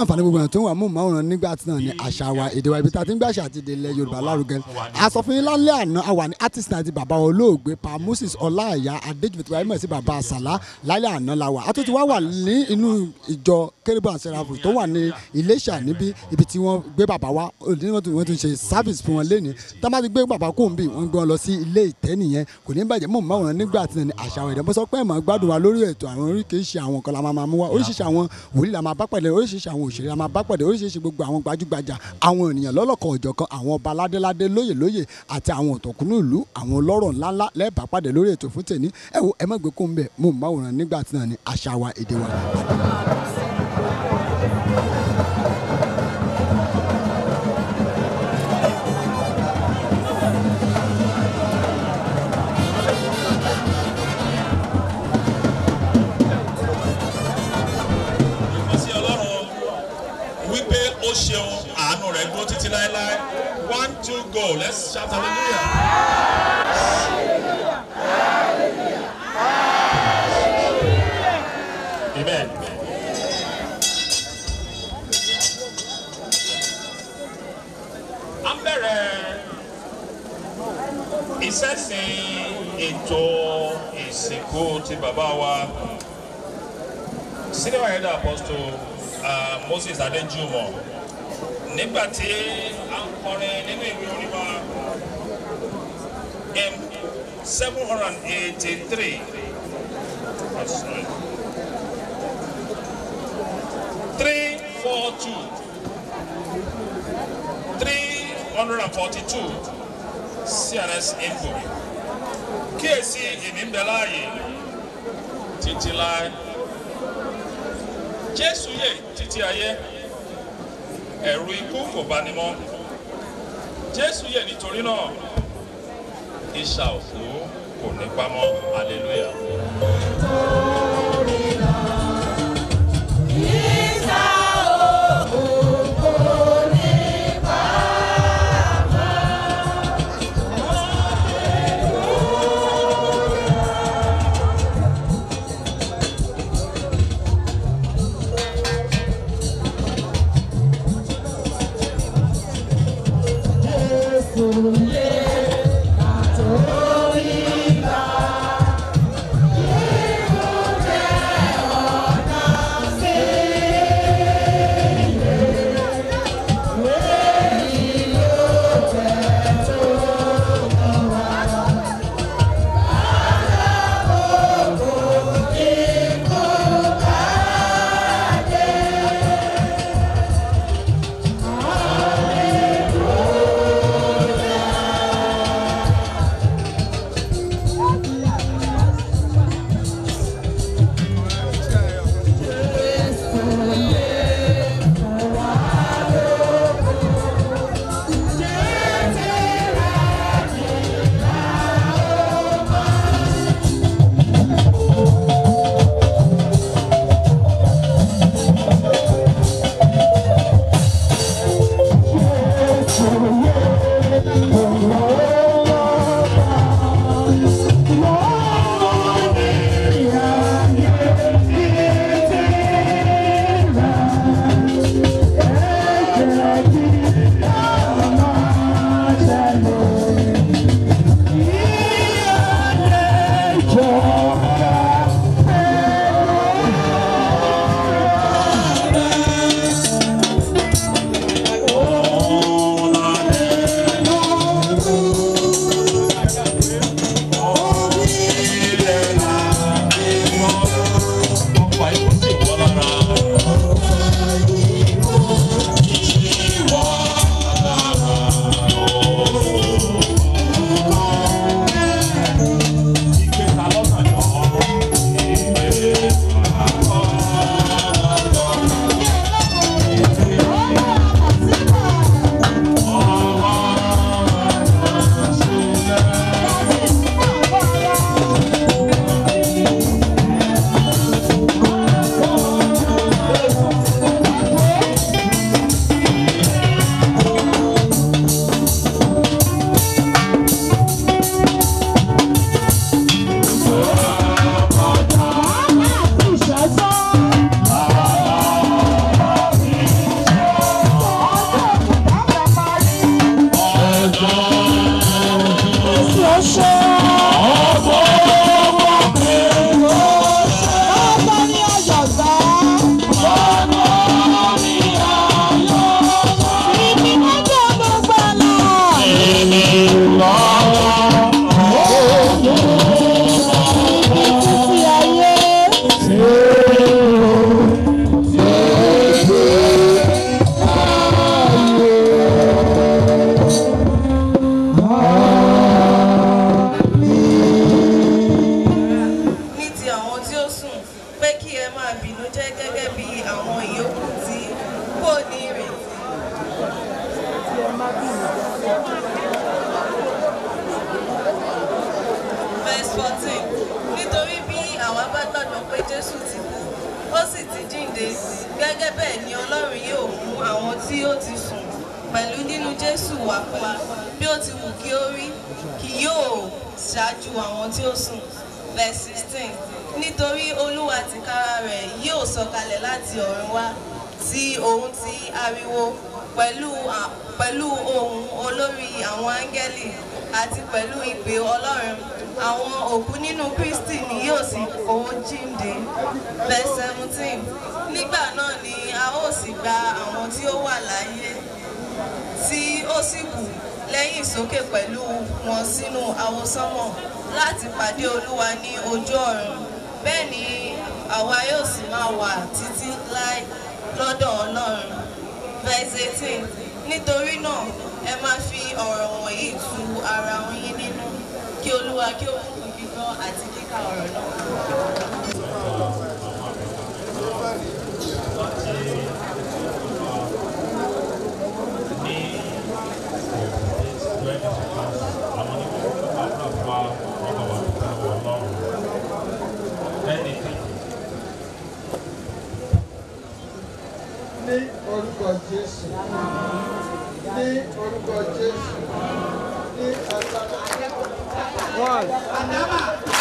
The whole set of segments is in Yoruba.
fáǹfààní gbogbo ẹ̀ tó ń wà mú màwòrán nígbà tí náà ni àṣà wa èdè wa ibi tá a ti ń gbé àṣà àti ìdè ilẹ̀ Yorùbá lárugẹ àsọfúnni lálẹ́ àná àwa ní artist náà bàbá olóògbé Pa Moses Ọláìyá Adéjùmọ̀ tí wàá sí bàbá àsàlá lálẹ́ àná la wà àtúntì wá wà ní inú ìjọ kérébù àṣẹrafù tó wà ní Iléṣà níbí ibi tí wọ́n gbé bàbá wa wọ́n ti ṣe service fún wọn lẹ́ni tá a bá ti gbé bàbá kò ń bì wọ́n gbé wọn lọ sí ilé ìtẹ́ nìyẹn kò ní bàjẹ́ mọ̀ mọ́ wọn nígbà tí ní àṣà òyìnbó mo sọ pé gbádùn wa lórí ètò àwọn oríkèéṣì àwọn kan la máa mú wa oríṣiríṣi àwọn wòlíì la máa bá pàdé oríṣiríṣi àwọn òṣèré la máa bá pàdé oríṣiríṣi gbogbo àwọn gbajúgbajà àwọn ènìyàn lọ́lọ́kan òjọ̀kan àwọn ọba ládéládé lóyè lóyè àti àwọn òtọ̀kùnú ìlú àwọn ọlọ́rọ̀ ńláńlá lẹ́ẹ̀bà pàdé lórí ètò fún tèmi ẹ wo ẹ má gbé kó ń bẹ̀ mo máwòrán nígbà tí náà àṣà wa èdè wa. go. Let's shout hallelujah. Hallelujah. Hallelujah. Amen. ìṣẹ̀sìn ètò into ti bàbá wa senior head apostle uh, Moses adenjumo nígbà tí a ń kọrin nínú ìwé orin wa m seven hundred and eighty three three four two three hundred and forty two CRS info. kíyèsí èmi ń bẹ láàyè títí láì Jésù yè títí ayé ẹ̀rù ikú kò bá ní mọ́ jésù yè nítorí náà ìṣà kò ní pamọ́ hallelujah. rẹ̀ yóò sọ̀kalẹ̀ láti ọ̀run wá ti ohùn ti ariwo pẹ̀lú ohùn olórí àwọn áńgẹ́lì àti pẹ̀lú ìpè ọlọ́run àwọn òkú nínú Kristi ni yóò sì kó jíǹde verse nígbà náà ni a ó sì gba àwọn tí ó wà láyé tí ó sì kù lẹ́yìn sókè pẹ̀lú wọn sínú àwọsánmọ̀ láti pàdé Olúwa ní ojú ọ̀run bẹ́ẹ̀ ni àwa yóò sì máa wà títí láì lọ́dọ̀ Ọlọ́run verse eighteen nítorí náà ẹ máa fi ọ̀rọ̀ wọ̀nyí tu ara yín nínú kí Olúwa kí ó bùkún gbígbọ́ àti kíkà ọ̀rọ̀ náà. orúkọ Jésù ní orúkọ Jésù ní agbára.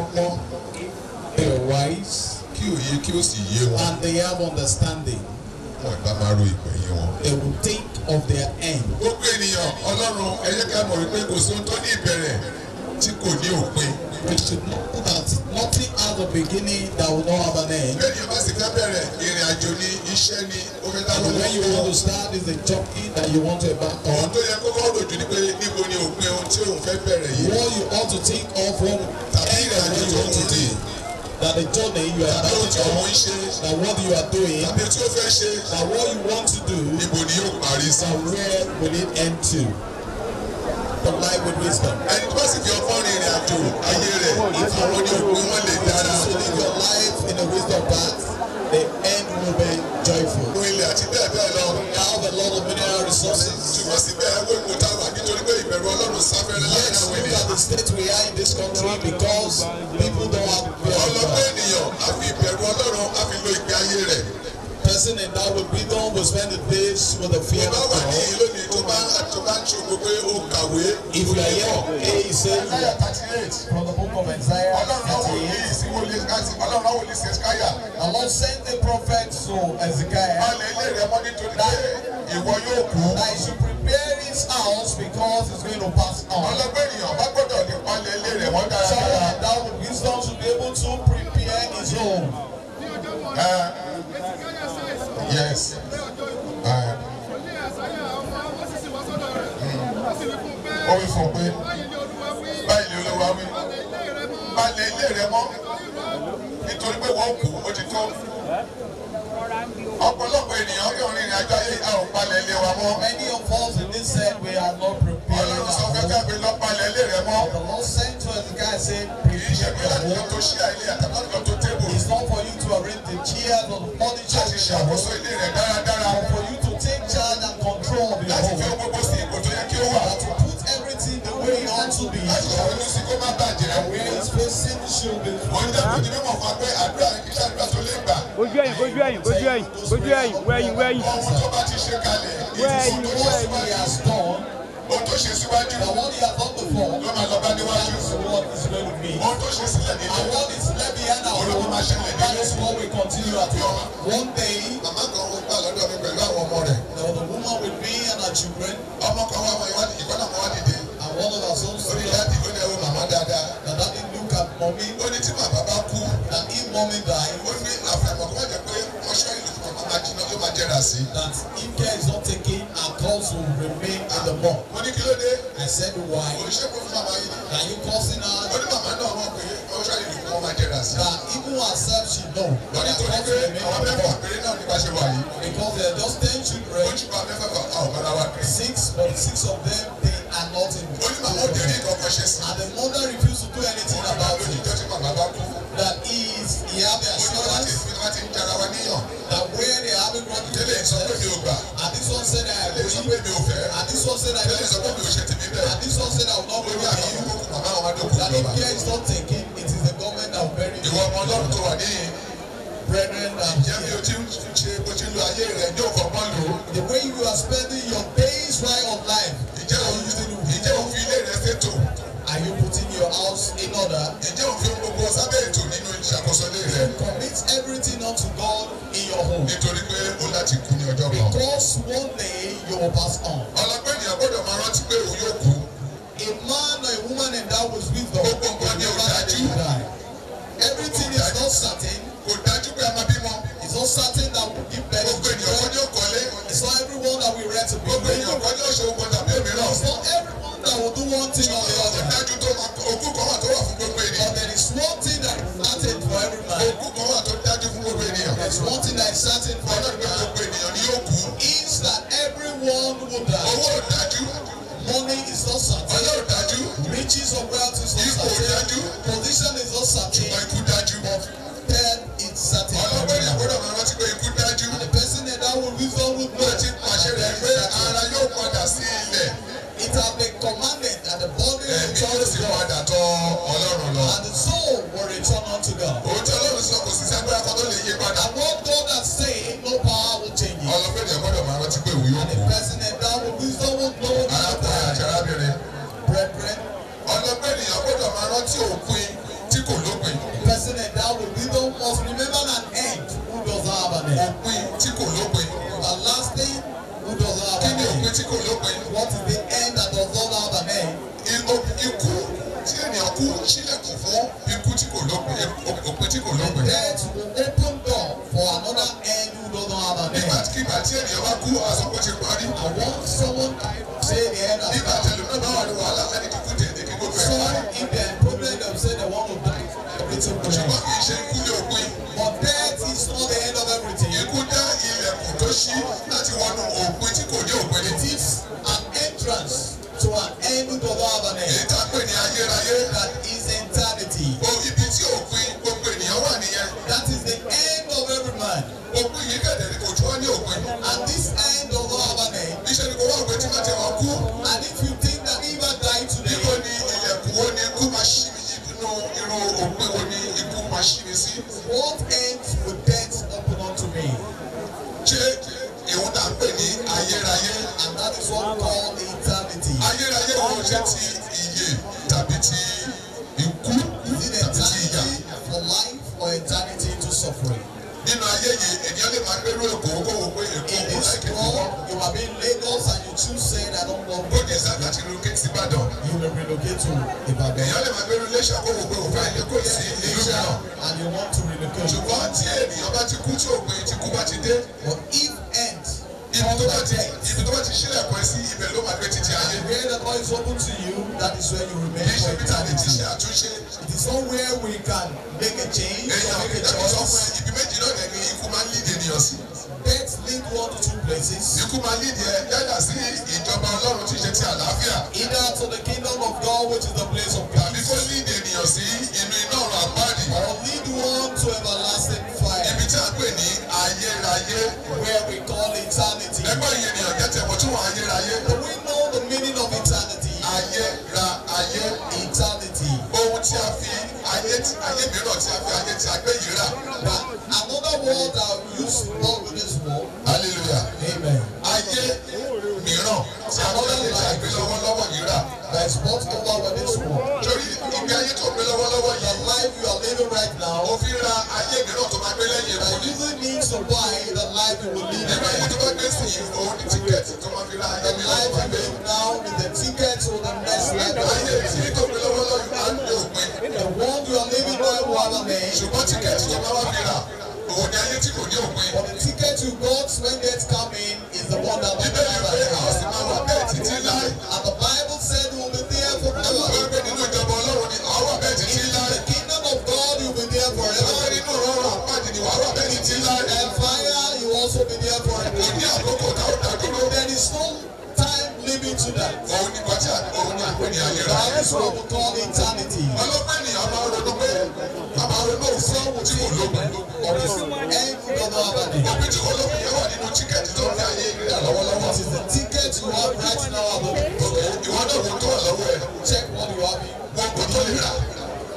ọpọlọ. They wise. Kí òye kí ó sì yé wọn. And they have understanding. Wọ́n ìbá máa ro ìgbẹ̀yìn wọn. They will take of their end. Gbogbo ènìyàn Ọlọ́run ẹ ká mọ̀ wípé kò sí tó ní ìbẹ̀rẹ̀ tí kò ní òpin. We should know that nothing has a beginning that will not have an end. Bẹ́ẹ̀ni ọba sì fẹ́ bẹ̀rẹ̀ ìrìn àjò ni iṣẹ́ ni ó fẹ́ dá lọ́wọ́. When you want to start is a journey that you want to embark on. Ọ̀hún tó yẹ kókó rojú ni pé níbo ni òpin ohun tí òun fẹ́ bẹ̀rẹ̀ yìí. What you ought to think of when ìrìnàjò tó ń tòde. That the journey you are about to reach, that what you are doing, tàbí tí o fẹ́ ṣe, that what you want to do, ibo ni yóò parí sí. And where will it end to? But life with wisdom. Ẹni tó bá sì fi ọgbọ́n rìn ìrìnàjò ayé rẹ̀, ìfọwọ́ ni òpin wọn lè dára. So live your life in a wisdom path. The end will be joyful. Orílẹ̀ àti bẹ́ẹ̀ bẹ́ẹ̀ lọ. They have a lot of mineral resources. Ṣùgbọ́n síbẹ̀ ẹgbẹ́ ìmọ̀ta wà nítorí pé ìbẹ̀rù Ọlọ́run sáfẹ́rẹ́ láàrin àwọn ènìyàn. Let's look at the state we are in this country because people don't have fear. Ọlọ́pẹ́ ènìyàn á fi ìbẹ̀rù Ọlọ́run á fi lo ìgbé ayé rẹ̀ blessing and that will be done will spend the days with the fear of God. If you are here today, he said from the book of Isaiah 38. The Lord sent the prophet to Ezekiah that, that he should prepare his house because it's going to pass on. So that, that wisdom should be able to prepare his home. Uh, yes. ó wí fún pé báyìí ni olówó awí balẹ̀ ilé rẹ mọ́ nítorí pé wọ́n kú ó ti tó ọ̀pọ̀lọpọ̀ ènìyàn kí orin ìrìn àjò ayé a ò palẹ̀ ilé wa mọ́. many of us in this set we are not prepared. ọlọ́run sọ fẹ́ káàbí lọ palẹ̀ ilé rẹ mọ́. the Lord sent to us the guy say. kì í ṣe bí àjọ tó ṣí àìlè àtàkùn tó tébù. it's not for láti ṣe àwòsàn ilé rẹ̀ dáradára. for you to take charge and control of your home. láti fi ó gbogbo sí ipò tó yẹ to put everything the way it ought to be. láti ṣàwọ́nú sí kó má bàjẹ́. where you? facing should be. wọ́n jẹ́ kó ní mímọ̀ fún pé àdúrà iṣẹ́ àdúrà tó lè gbà. ojú ẹ̀yìn ojú ẹ̀yìn ojú ẹ̀yìn ojú ẹ̀yìn wẹ̀yìn wẹ̀yìn. ohun tó bá ti ṣe kalẹ̀. wẹ̀yìn wẹ̀yìn. Ohun tó ṣe síwájú. The one you have done before. Ló máa lọ bá níwájú. That is is going to be. Ohun ṣe sílẹ̀ nílẹ̀. And what is left behind our own. Olùkọ́ máa ṣẹlẹ̀ nílẹ̀. That is what we continue at home. One day. Màmá kan ó gbà lọ́dọ̀ mi pẹ̀lú àwọn ọmọ rẹ̀. There was a woman with me and her children. Ọmọ kan wá wáyé wádìí ìkọ́nà kan wá dìde. And one of her sons. Orí dáàdì ó ní ẹrú màmá dáadáa. Dàdá ní look at mommy. Ó ní tí màmá bá kú. And jẹ́ra that if care is not taking, our calls will remain in the mall. mo ní kí ló dé. I said why. oníṣègùn fún bàbá yìí. are you causing her. ó ní bàbá náà mọ̀ pé ọjọ́ ìlú kan máa jẹ́ra sí. that even herself she know. wọ́n ní torí pé àwọn mẹ́fà péré náà nípa ṣe wà yìí. because they are just ten children. ó jùlọ mẹ́fà bàbá wa six but six of them they are not in. ó ní màmá òde ní ìkọ̀kọ̀ ṣe sí. and the mother refused to do anything about it. ó ní màmá òde ní ìkọ̀kọ̀ ṣe sí they have their assurance. That where they haven't brought the And this one said I agree. And this one said I agree. And this one said I will not go back. That if care is not taken, it is the government that will bury you. Brethren, the way you are spending your days right on life, are you putting your house in order? ṣàkóso ilé rẹ. commit everything unto God in your home. nítorí pé o láti kú ní ọjọ́ kan. because one day you will pass on. ọlọ́pẹ́ ènìyàn gbọ́dọ̀ máa rántí pé òun yóò kú. a man or a woman endowed with wisdom. gbogbo nǹkan ni ó dájú. everything is not certain. kò dájú pé a máa bímọ. it's not certain that we give birth. gbogbo ènìyàn kan ni kọ́lé. it's not everyone that we rent to be. gbogbo ènìyàn kan ni ṣe ogun tàbí òmíràn. it's not everyone that will do one thing or the other. dájú tó máa ogún kan wà tó wà fún is one thing that is certain for everybody is that everyone will die. Money is not certain. Riches of wealth is not certain. Position is not certain. door is open to you, that is where you remain. for eternity. It is where we can make a change or make a choice. Ẹ̀yàn ìdájọ́ lead one to two places. You máa lead ẹ eh, yálà sí ìjọba Ọlọ́run tí ṣe ti àlàáfíà. Ìdá òkùnkọ ìtánìtì. ọlọ́pàá ni àwọn ronú right now àbọ̀ ìwọ náà kò tó wà lọ́wọ́ ẹ̀ check what you have wọn kò tó lè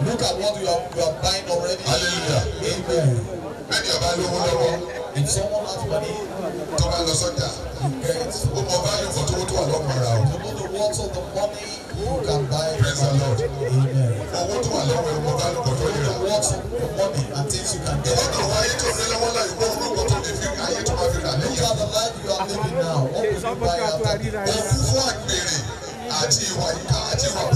look at what you are, you are buying already. hallelujah amen. bẹ́ẹ̀ni ọba lówó lọ́wọ́. if someone has money. tó bá lọ sọ́jà. That's right.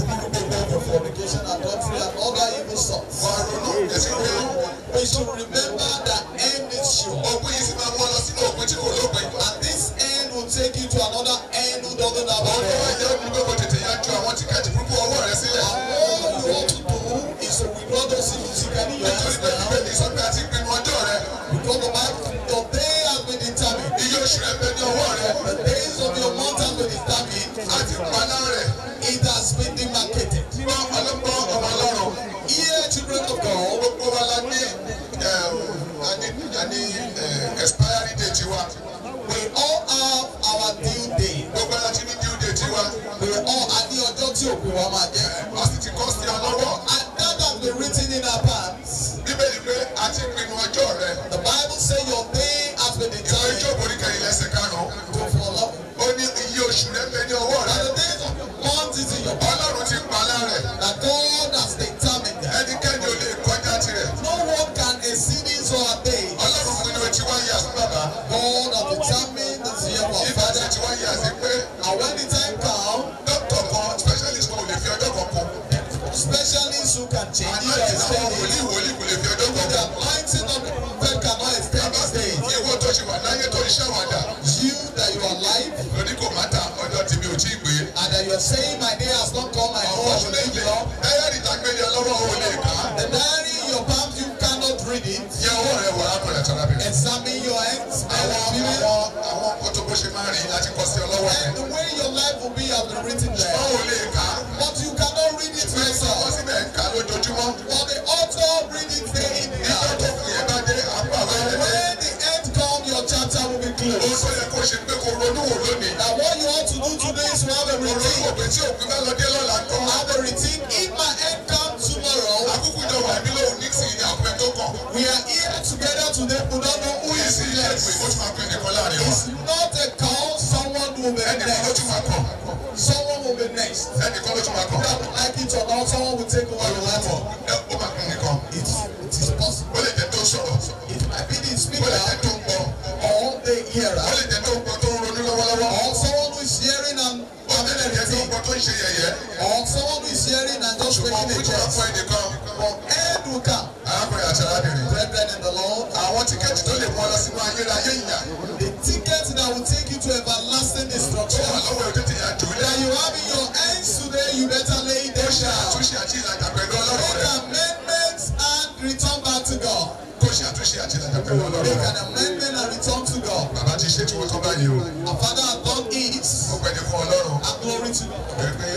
tí mo tọ́ báyìí o. àfádà born is. ọpẹ́ ni fún Ọlọ́run. agbórí ti. ọpẹ́ pé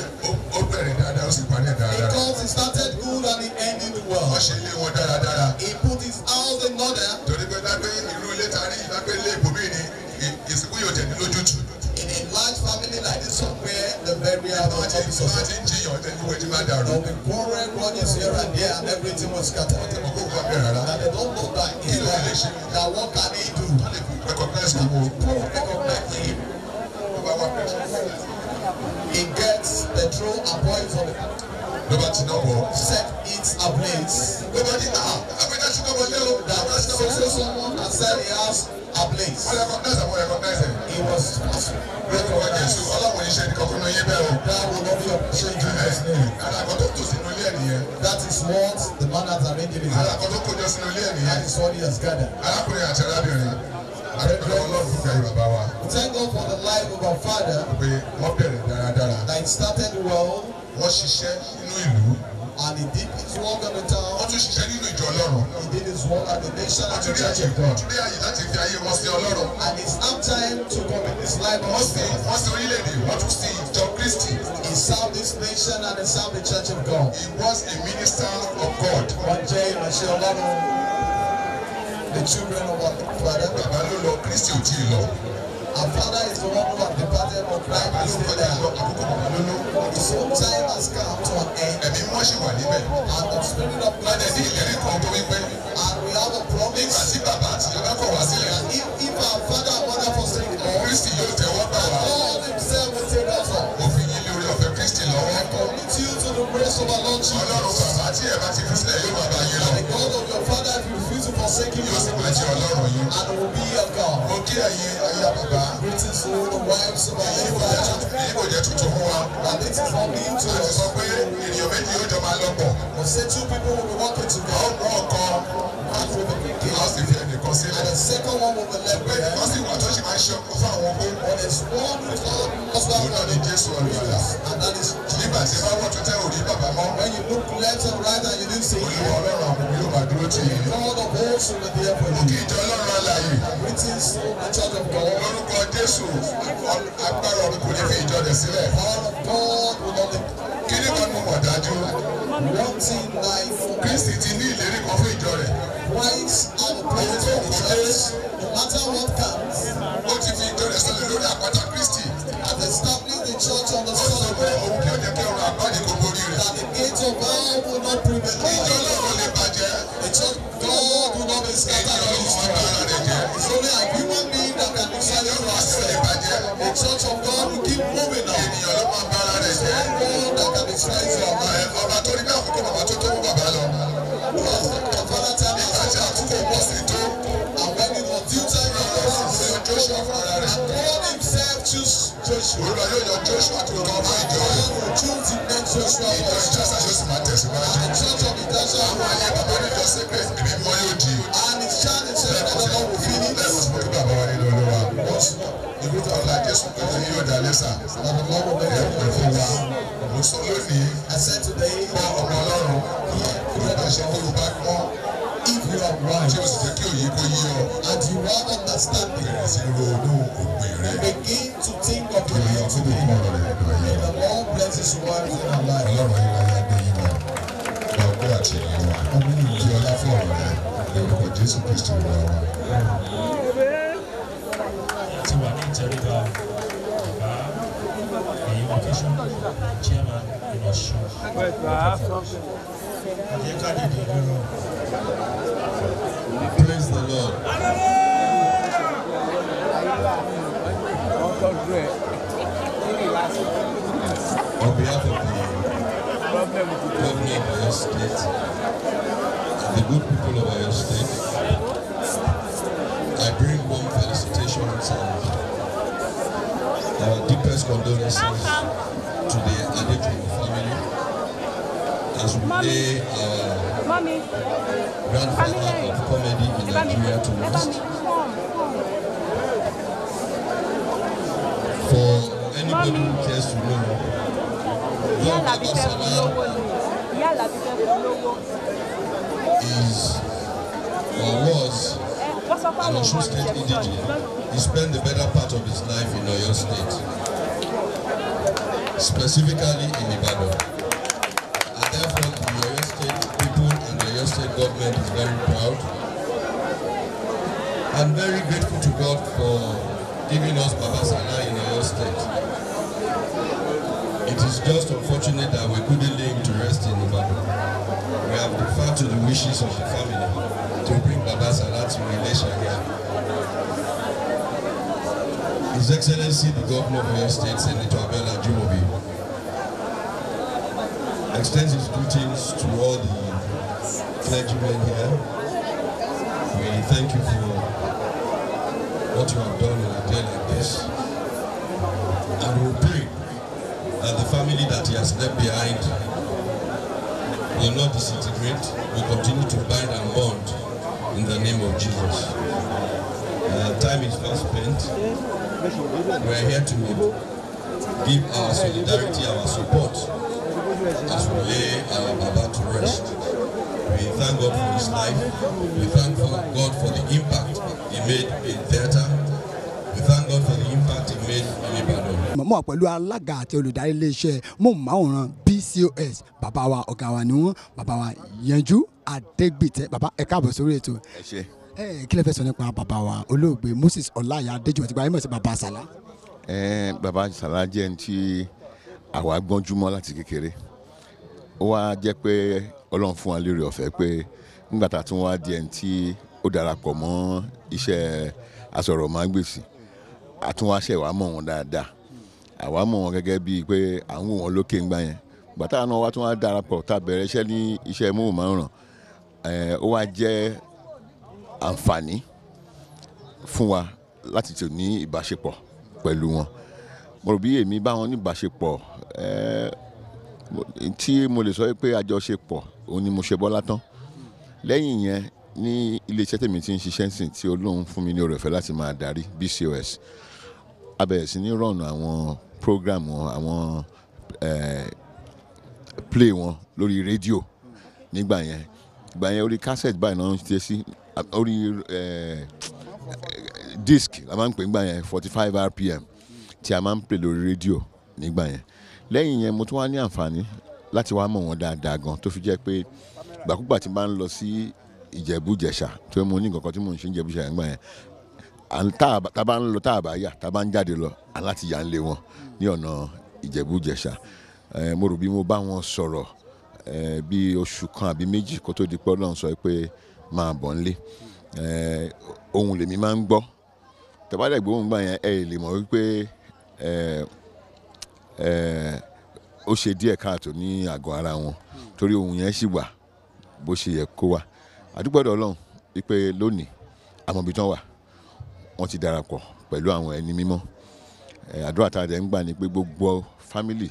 ó bẹ̀rẹ̀ dáadáa ó sì parí ẹ̀ dáadáa. because he started good and he ended well. wọ́n ṣe ilé wọn dáradára. he put his house in order. torí pé lágbé irú ilé tarí lágbé ilé ìbòmí ni ìsìnkú yóò tẹ̀ lójútù. in a large family like this somewhere the very of the person. wọ́n ti ń jiyàn tẹ́lú wẹ́jú má dàrú. but the quarrel run here and there and everything was scattered. wọ́n ti mọ̀ kó kó abẹ́rẹ́ rárá. and they don't know that is why that what can he do recognize him or go recognize him number one person he gets petrol and oil for me number two number set it ablaze nobody ah abeg ask you come on here that ask you come someone and set the house ablaze. wọ́n recognize am wọ́n recognize am. he was pastor. so ọlọ́run that will not be a change his name. alakọ tó tó sínú ilé ẹ̀ that is what the man has arranged in his life. alakọ tó kó that is what he has gathered. arákùnrin àti arábìnrin. We thank God for the life of our father. That it started well. And he did his work on the town. He did his work at the nation and the church of God. And it's now time to commit his life unto Christ. He served this nation and he served the church of God. He was a minister of God. One day, I shall love the children of our Father Babalolo Christy Otilo. Our father is the one who has departed from life and for their Abuko Babalolo. So time has come to an end. Ẹ̀mí wọ́n ṣì wà níbẹ̀. And the spirit of God is in the kan tó wípé. And we have a promise. Nígbà tí bàbá If if our father and mother forsake the Lord. Christy yóò tẹ̀wọ́ gbà himself will take us up. Òfin yìí lórí ọ̀fẹ́ Christy lọ́wọ́. I commit you of the grace of our Lord Jesus. Ọlọ́run bàbá tí ẹ bá ti fi sílẹ̀ yóò bàbá yín lọ. The God of your father if you refuse to forsake him. Yóò sì máa jẹ Ọlọ́run yín. And it will be your God. Mo kí ẹ̀yin aya bàbá. Greetings to all the wives of our Lord. Èyí kò jẹ́ tuntun fún wa. And it is for me to. Àti sọ pé ènìyàn méjì yóò jọ máa lọ pọ̀. I say two people will be working together. Ọ̀pọ̀ ọkọ. And we will be second one we will lẹgbẹ lọsí ìwà tó ṣe máa ń ṣe ọkọ fún àwọn ọmọ wọn is one before husband and wife Jésù Olùgbàlà and that is Jesus. nígbà tí bá wọ́n tún tẹ́ òrí bàbá when you look left and right and you didn't see. olùwọ Ọlọ́run àwọn yóò máa dúró tì í. God of hosts will be there for you. òkè ìjọ Ọlọ́run alààyè. greetings to the church of God. lórúkọ Jésù agbára ọ̀run kò ní fi ìjọ rẹ̀ sílẹ̀. power of God will not be ọ̀dájú one thing nine four. Kristi ti ní ìlérí kan fún ìjọ rẹ̀. Rights and prayers for the church no matter what comes. Ó ti fi ìjọ rẹ̀ sọ́dọ̀ lórí àpáta Kristi. And establish the church on the solid rock. Ó sọ kí ó jẹ́ kí ọ̀rọ̀ àgbáyé kò borí rẹ̀. That the gate of hell will not prevail. Ìjọ lọ́rọ̀ lè bàjẹ́. The church God will not be scattered. Ìjọ lọ́rọ̀ lè bàjẹ́. It's only a human being that can be scattered the church of God will keep moving now. ènìyàn ló máa bára rẹ̀ jẹ́ all that can influence your mind. ọba tó ní báwo kó bàbá tó tó wọ bàbá lọ. kọ̀kọ́lá ta ni ìlàjà àtúkò bọ́ sí tó. àwọn ènìyàn tí ó tẹ́ yọ lọ sí fún yọ Joshua fún ara rẹ̀. God himself choose Joshua. olùwà yóò yọ Joshua tó tọ́ ọmọ ìjọ. olùwà choose the next Joshua for us. ìjọ ìjọsà yóò sì máa tẹ̀síwájú. the church of International àwọn ayé bàbá ní ìjọ secret ibi mọ́ yóò di. and it shall itself never know will finish. lẹ́nu sọ dókítà ọ̀la jésù pẹ̀lú yóò dá lẹ́sà ọmọ ọ̀rẹ́ pẹ̀lú wa lóṣù lónìí bá ọmọ ọlọ́run olùkọ́ ṣe olùkọ́ pọ́ ìlú àwọn àti oṣù jẹ́ kí òye kó yí ọ. àti wá understand it. ti ronú òpin rẹ. begin to think of the way to be more than a man. all blessings one in our life. ọlọ́run ayé ayé adé yìí ìlú wa ọlá fún ọ̀rọ̀ rẹ lórúkọ jésù kristu wà wá. Serika, the education chairman in Praise the Lord. On behalf of the governor of Oyo State, the good people of Oyo State, I bring warm felicitations and express condolences to the Adekunle family as we Mommy. pay our uh, Mommy. grandfather Mommy. of comedy in Mommy. Nigeria to rest. For anybody Mommy. who cares to know, Lord Babasala is or was eh, an Osun State indigenous. He spent the better part of his life in Oyo State. specifically in Ibadan. And therefore, the Oyo State people and the Oyo State government is very proud and very grateful to God for giving us Babasana in Oyo State. It is just unfortunate that we couldn't lay him to rest in Ibadan. We have deferred to the wishes of the family to bring Babasana to Malaysia. here. His Excellency the Governor of Oyo State, Senator Abel Ajumo, extends his greetings to all the clergymen here. We thank you for what you have done in a day like this. And we pray that the family that he has left behind will not disintegrate, will continue to bind and bond in the name of Jesus. Uh, time is well spent. We are here to give our solidarity, our support as we lay our Baba to rest. We thank God for his life. We thank God for the impact he made in theatre. We thank alága àti olùdarí iléeṣẹ́ móhùnmáwòrán PCOS bàbá wa ọ̀gá wa ni wọ́n bàbá wa yanju Adégbìtẹ́ bàbá ẹ káàbọ̀ sórí ètò. Ẹ ṣé kí lè fẹ́ sọ nípa bàbá wa olóògbé Moses Ọláìyá Adéjùmọ̀ tí gba ayé mọ̀ sí bàbá Sàlá. bàbá Sàlá jẹ́ ẹni tí àwa gbọ́njúmọ́ láti kékeré ó wá jẹ́ pé ọlọ́run fún wa lérè ọ̀fẹ́ pé nígbà tá a tún wá di ẹni tí ó darapọ̀ mọ́ iṣẹ́ asọ̀rọ̀mágbèsì àtúnwáṣẹ̀ wàá mọ̀ wọn dáadáa àwa mọ̀ wọn gẹ́gẹ́ bíi pé à ń wò wọn lókè ńgbà yẹn bàtà náà wá tún wá darapọ̀ tá a bẹ̀rẹ̀ iṣẹ́ ní iṣẹ́ móhùnmáwòrán ó wá jẹ́ àǹfààní fún wa láti tò ní ìbáṣepọ̀ pẹ̀lú wọn mo rò bí èmi bá wọn ní ìbáṣepọ̀ tí mo lè sọ pé àjọṣepọ̀ òun ni mo ṣe Bọ́lá tán lẹ́yìn yẹn ní iléeṣẹ́ tèmi ti ń ṣiṣẹ́ sìn tí Ọlọ́run fún mi ní òrèfẹ́ láti máa darí BCOS a bẹ̀rẹ̀ sí ní rọ̀nà àwọn program wọn àwọn play wọn lórí rédíò nígbà yẹn ìgbà yẹn orí cassette báyìí náà ń ṣe sí orí disc la máa ń pè nígbà yẹn forty five rpm tí a máa ń pè lórí rédíò nígbà yẹn lẹ́yìn yẹn mo tún wá ní àǹfààní láti wá mọ̀ wọ́n dáadáa gan tó fi jẹ́ pé gbàkúgbà tí bá ń lọ sí ìjẹ̀bú-jẹ̀ṣà tí mo ní nǹkan kan tí mo ń ṣe ìjẹ̀bú-jẹ̀ṣà yẹn gbà yẹn tá a bá ń lọ tá a bá yà tá a bá ń jáde lọ aláti yà ń lé wọn ní ọ̀nà ìjẹ̀bú-jẹ̀ṣà mo rò bí mo bá wọn sọ̀rọ̀ bí oṣù kan àbí méjì kó tó di pé ọlọ́run sọ pé máa bọ̀ nílé ohun lèmi máa ń gbọ́ tẹ̀bá dẹ̀ gbóhùn gbà yẹn ẹ̀ lè mọ̀ wípé Eh, ó ṣe díẹ̀ káàtó ní àgọ́ ara wọn torí ohun yẹn sì wà bó ṣe yẹ kó wà àdúgbòdò Ọlọ́run wípé lónìí àmọ̀bí tán wà wọ́n ti darapọ̀ pẹ̀lú àwọn ẹni mímọ́ eh, àdúrà tá a dẹ̀ ń gbà ni pé gbogbo fámìlì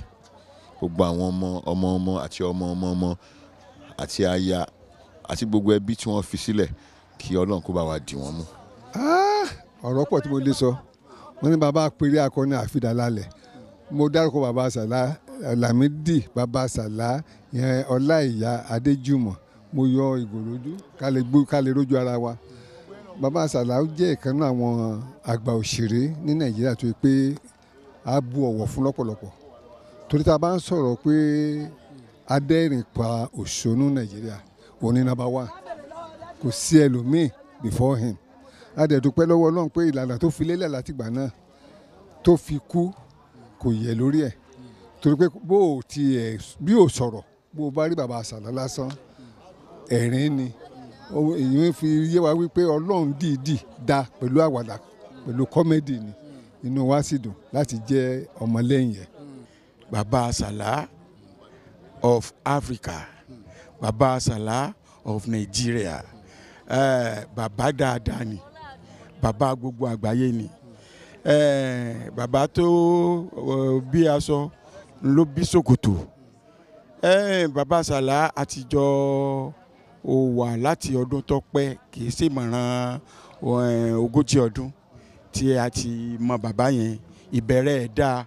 gbogbo àwọn ọmọ ọmọ ọmọ àti ọmọ ọmọ ọmọ àti aya àti gbogbo ẹbí tí wọ́n fi sílẹ̀ kí Ọlọ́run kó bá wa dì wọ́n mú. Ah, ọ̀rọ̀ pọ̀ tí mo lè sọ wọ́n ní bàbá àpèrè akọni àfidàlálẹ̀ mo dárúkọ bàbá sàlá lamidi bàbá sàlá yẹn ọláìyá adéjùmọ̀ mo yọ ìgò lójú ká lè rójú ara wa bàbá sàlá jẹ́ ìkan náà àwọn àgbà òṣèré ní nàìjíríà tó yẹ pé a bu ọ̀wọ̀ fún lọ́pọ̀lọpọ̀ torí tá bá ń sọ̀rọ̀ pé adẹ́rìn pa òṣónú nàìjíríà òní nàbà wà kò sí ẹlòmíì before him a dẹ̀ dúpẹ́ lọ́wọ́ ọlọ́run pé ìlànà tó fi lélẹ̀ látìgbà náà tó fi kú kò yẹ lórí ẹ̀ torí pé bó o tiẹ̀ bí o sọ̀rọ̀ bó o bá rí bàbá àṣàlá lásán ẹ̀rín ni èyí fi yé wa wípé ọlọ́run dìídì da pẹ̀lú àwàdà pẹ̀lú kọ́mẹ́dì ni inú wa sì dùn láti jẹ́ ọmọlẹ́yìn ẹ̀. bàbá àṣàlá of Africa bàbá àṣàlá of Nigeria bàbá dáadáa ni bàbá gbogbo àgbáyé ni. Eh, bàbá tó eh, bí aṣọ ló bí ṣòkòtò eh, bàbá sàlá àtijọ́ ó wà láti ọdún tó pẹ́ kì í ṣèmọ̀ràn ogójì ọdún tí a ti mọ bàbá yẹn ìbẹ̀rẹ̀ ẹ̀ dáa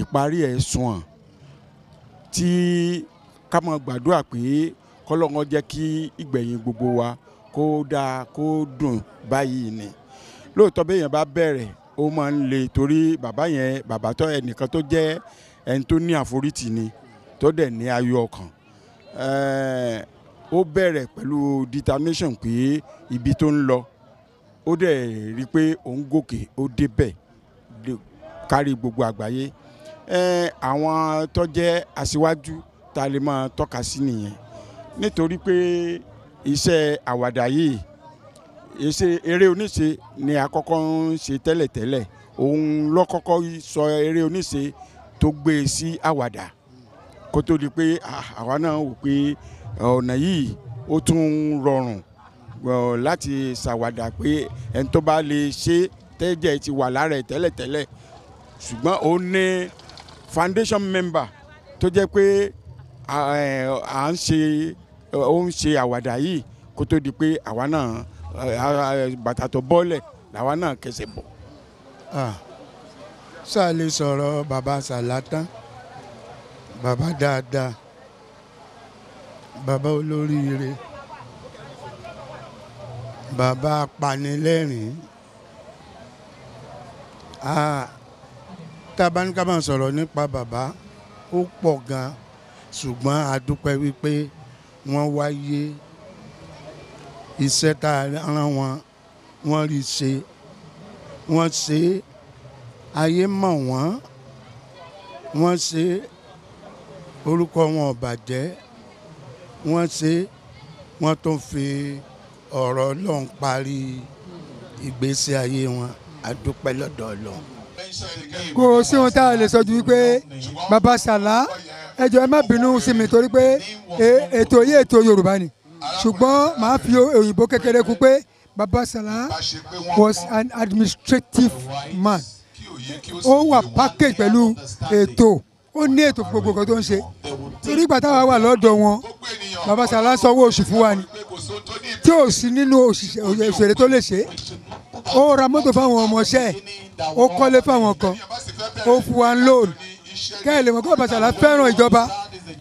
ìparí ẹ̀ sunwọ̀n tí ká máa gbàdúrà pé kọ́lọ́ngàn jẹ́ kí ìgbẹ̀yìn gbogbo wa kó dáa kó dùn báyìí ni lóòótọ́ béèyàn bá bẹ̀rẹ̀ ó máa ń le torí bàbá yẹn bàbá ẹnìkan tó jẹ́ ẹni tó ní àforítì ni tó dẹ̀ ní ayọ̀ ọkàn ó bẹ̀rẹ̀ pẹ̀lú determination pé ibi tó ń lọ ó dẹ̀ rí i pé òun gòkè ó débẹ̀ kárí gbogbo àgbáyé àwọn tó aṣíwájú tá lè máa tọ́ka sí nìyẹn nítorí pé iṣẹ́ àwàdà yìí èsè eré oníṣe ni àkọ́kọ́ ń ṣe tẹ́lẹ̀tẹ́lẹ̀ òun lọ́kọ́kọ́ sọ eré oníṣe tó gbé e sí àwàdà kó tó di pé àwa náà wò pé ọ̀nà yìí ó tún rọrùn láti ṣàwàdà pé ẹni tó bá lè ṣe tẹ́jẹ̀ ti wà lára ẹ̀ tẹ́lẹ̀tẹ́lẹ̀ ṣùgbọ́n ó ní foundation member tó jẹ́ pé à ń ṣe ó ń ṣe àwàdà yìí kó tó di pé àwa náà bàtà tó bọ́lẹ̀ làwa náà kẹsẹ̀ bọ̀. sáà lè sọ̀rọ̀ bàbá sàlátán bàbá dáadáa bàbá olóríire bàbá apanilẹ́rìn tá a bá ní ká máa sọ̀rọ̀ nípa bàbá ó pọ̀ gan-an ṣùgbọ́n a dúpẹ́ wípé wọ́n wáyé iṣẹ́ tá a rán wọn wọ́n rí ṣe wọ́n ṣe ayé mọ̀ wọ́n wọ́n ṣe orúkọ wọn ò bàjẹ́ wọ́n ṣe wọ́n tó fi ọ̀rọ̀ ọlọ́run parí ìgbésí ayé wọn àdúpẹ́ lọ́dọ̀ ọlọ́run. kò sí ohun tá a lè sọ ju wípé baba sàlá ẹ jọ̀ọ́ ẹ má bínú sí mi torí pé e, ètò yìí ètò yorùbá ni ṣùgbọ́n màá fi òyìnbó kékeré kún pé Babasala was an administrative man ó wà package pẹ̀lú ètò ó ní ètò gbogbo kan tó ń ṣe torí ìgbà wà lọ́dọ̀ wọn Babasala sanwó oṣù fún wa ni tí ò sí nínú òṣèré tó lè ṣe ó ra mọ́tò fáwọn ọmọọṣẹ́ ó kọ́lé fáwọn kan ó fún wa ń lóòlù kẹ́hìn lè mọ̀ kó Babasala fẹ́ràn ìjọba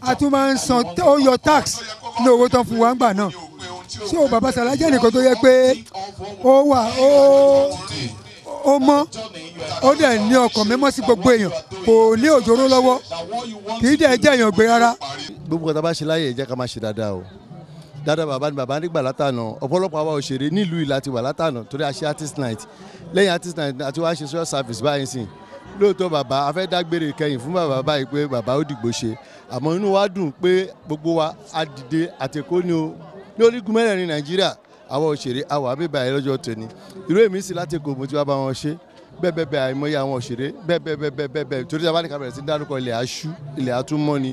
a tún máa ń san ó yọ tax ní owó tán fún wa ńgbà náà so baba sàlá jẹ́ nìkan tó yẹ pé ó wà ó ó mọ́ ó dẹ̀ ní ọkàn mímọ́ sí gbogbo èèyàn kò ní òjòrò lọ́wọ́ kì í dẹ̀ jẹ́ èèyàn gbé rárá. gbogbo nǹkan tá a bá ṣe láyè ẹ jẹ́ ká máa ṣe dáadáa o dáadáa bàbá ni bàbá nígbà látànà ọ̀pọ̀lọpọ̀ àwa òṣèré nílùú ìlà ti wà látànà torí a ṣe artist night lẹ́yìn artist night àti wàá ṣe social service báyìí sìn lóòótọ́ bàbá a fẹ́ dágbére kẹ́yìn fún bàbá báyìí pé bàbá ó dìgbò ṣe àmọ́ inú wa dùn pé gbogbo wa á dìde àtẹ̀kọ́ ni o ní orígun mẹ́rẹ̀ẹ̀rin nàìjíríà àwọn òṣèré àwọn àbíbà yẹn lọ́jọ́ tòní irú èmi sì láti èkó mo ti wá bá wọn ṣe bẹ́ẹ̀ bẹ́ẹ̀ àìmọye àwọn òṣèré bẹ́ẹ̀ bẹ́ẹ̀ bẹ́ẹ̀ bẹ́ẹ̀ torí ta bá ní ká bẹ̀rẹ̀ sí dárúkọ ilẹ̀ aṣú ilẹ̀ atúmọ́ni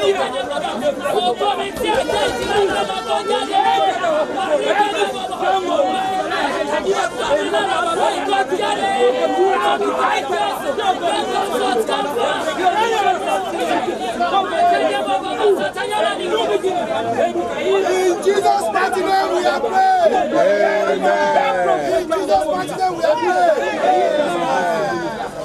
In Jesus' mighty name we are praying. Amen. In Jesus' mighty name we are praying. Amen.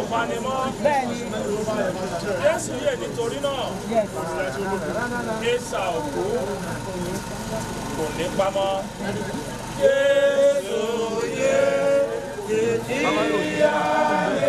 kò pani mọ́ Jésù yè nítorí náà Jésà òkú kò ní pamọ́ Jésù yè kìkì yá yé.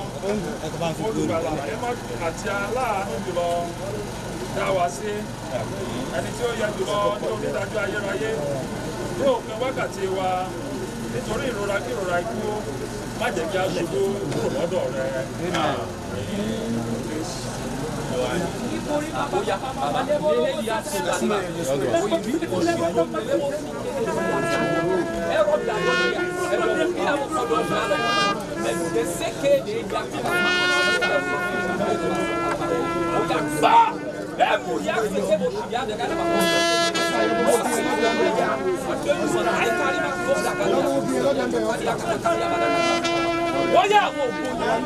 olùgbàlà ẹ má àti aláàánú jùlọ dá wa sí ẹni tí ó yẹ jùlọ ní onídàájọ́ ayérayé ní òpin wákàtí wa nítorí ìrora kí ìrora Oya wo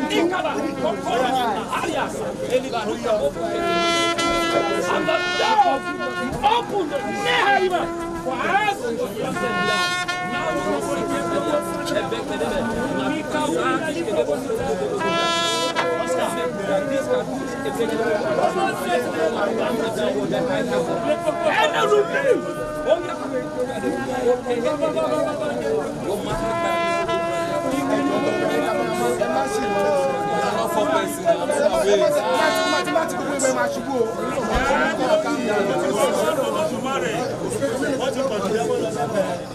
ikaba kokora arias elibaru and the door opened nehariba for us to use the blood. Now Wọ́n ti pàṣẹ yàgò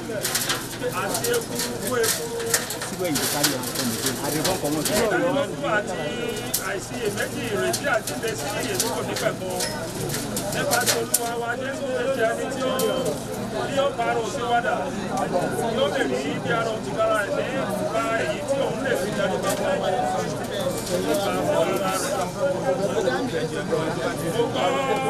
àti ekuru ekuru. síbẹ̀ yìí kárí ọ̀hún tó nìkan àdìgbọ́n kan wọ́n ti rí. ìdánilójú àti àìsíyèméjì ìrètí àti ìdẹ́síyè tó kò ní pẹ̀kọ́ nípa tí olúwa wa jésù méjì ẹni tí ó ní ó bá rò sí wádà yóò lè rí ibi ara òtún lára rẹ̀ ní ìfúnra èyí tí òun lè fi darí bá fún ọmọ nípa àwọn ará rẹ̀. mo kọ́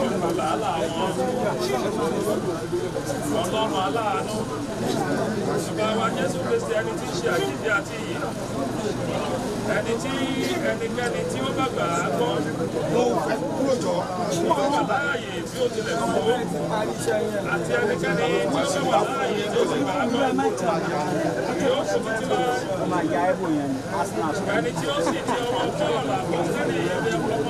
ọlọ́run aláàánú ọba wa jésù kristi ẹni tí ń ṣe àjíǹde àti iyì ẹni tí ẹnikẹ́ni tí ó bàbà gbọ́ ó wà láàyè bí ó tilẹ̀ fún owó àti ẹnikẹ́ni tí ó wà láàyè tó ti gbà gbọ́ àti ó sì ti wá ẹni tí ó sì ti ọmọ ọjọ́ ọ̀la kò sẹ́ni ìyẹn bí ọkọ̀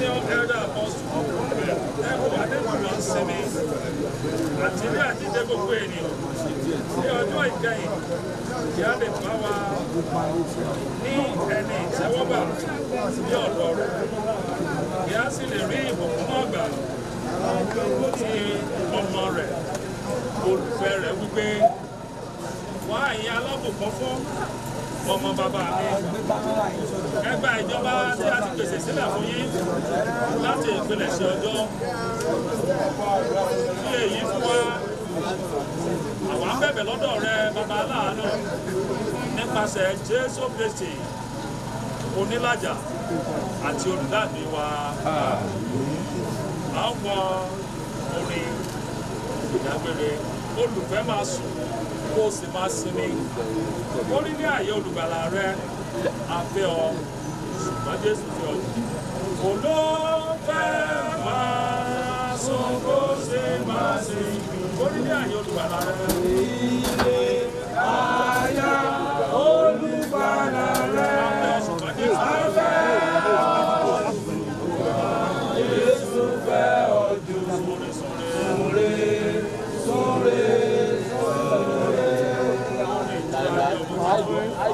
Redeemed Elder Apostle Ọ̀pọ̀lọpẹ̀ Ẹ̀kọ́ Adébọ̀lọ́ Sinmi àti ilé àtijọ́ gbogbo ènìyàn ní ọjọ́ ìkẹyìn ìyáde bá wa ní ẹni ìtẹ́wọ́gbà ní ọ̀dọ̀ rẹ̀ a sì lè rí ìbùkún náà gbà tí ọmọ rẹ̀ olùfẹ́ rẹ̀ wípé wá ìyá alábùkún ọmọ bàbá mi ẹgbà ìjọba tí a ti pèsè sílẹ̀ fún yín láti ìpilẹ̀ṣẹ̀ ọjọ́ bí èyí fún wa àwa ń bẹ̀bẹ̀ lọ́dọ̀ rẹ bàbá aláàánú nípasẹ̀ Jésù Kristi onílàjà àti olùdáàbí wa àwọn orin ìdágbére olùfẹ́ máa sùn kó o sì máa sinmi ó ní ní ààyè olùgbàlà rẹ àfẹ́ ọ ṣùgbọ́n Jésù fi ọ jì kò ló fẹ́ máa sọ kó o ṣe máa sinmi ó ní ní ààyè olùgbàlà rẹ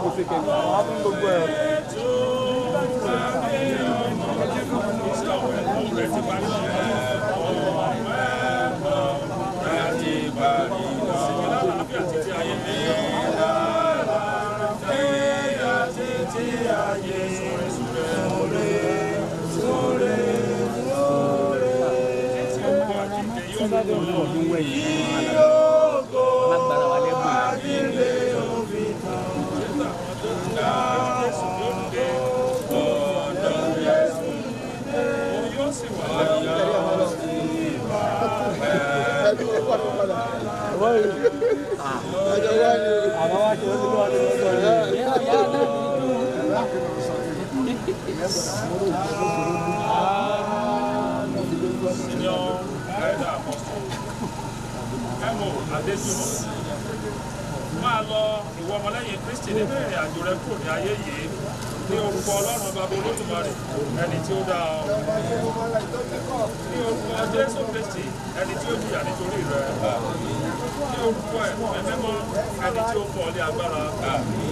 kò ṣe kẹ̀mí àwọn tó ń gbogbo ẹ̀. Thank you. Signor Ẹ̀dà máa lọ ìwọ ọmọlẹ́yìn Kristi nínú àjò rẹ kúrò ní ayé yìí ní orúkọ ọlọ́run bàbá olódùmarè ẹni tí ó dá ọ ní orúkọ jésù kristi ẹni tí ó jìyà nítorí rẹ ní orúkọ ẹ̀mí mímọ́ ẹni tí ó fún ọ ní agbára ní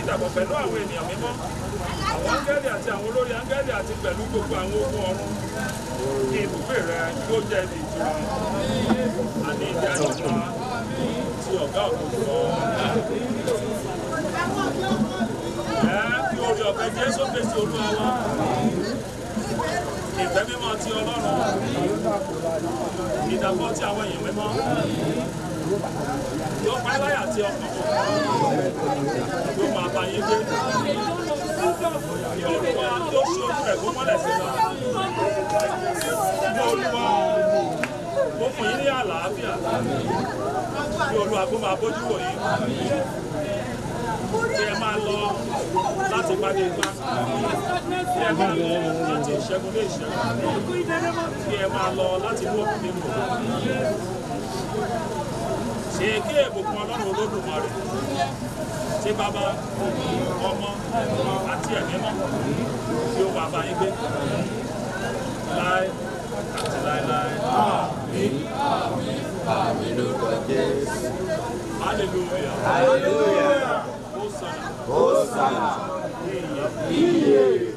ìdàpọ̀ pẹ̀lú àwọn ènìyàn mímọ́ àwọn áńgẹ́lì àti àwọn olórí áńgẹ́lì àti pẹ̀lú gbogbo àwọn ogun ọ̀run ní ibùgbé rẹ yóò jẹ́ ibi ìtura àní ìdí àjọ̀dá tí ọ̀gá òkùnkùn ọ̀ orí ọ̀fẹ́ Jésù Kristi Olúwa wa ìfẹ́ mímọ́ ti Ọlọ́run ìdàpọ̀ ti àwọn èèyàn mímọ́ yóò pa láyà ti ọkàn yóò máa bá yín gbé ní Olúwa tó ṣe ojú rẹ̀ kó mọ́lẹ̀ sí wa ní Olúwa ó fún yín ní àlàáfíà ní Olúwa kó máa bójú wò yín kí ẹ máa lọ láti pàdé ipa kí ẹ máa lọ láti ìṣẹ́gun dé ìṣẹ́gun kí ẹ máa lọ láti mú òkú nínú ṣe kí èbùkún ọlọ́run olódùmarè tí bàbá ọmọ àti ẹ̀mí mọ́ yóò wà bá yín gbé láì àti láìláì. àmín àmín àmín lórúkọ Jésù. hallelujah. hallelujah. Hosanna. Iye.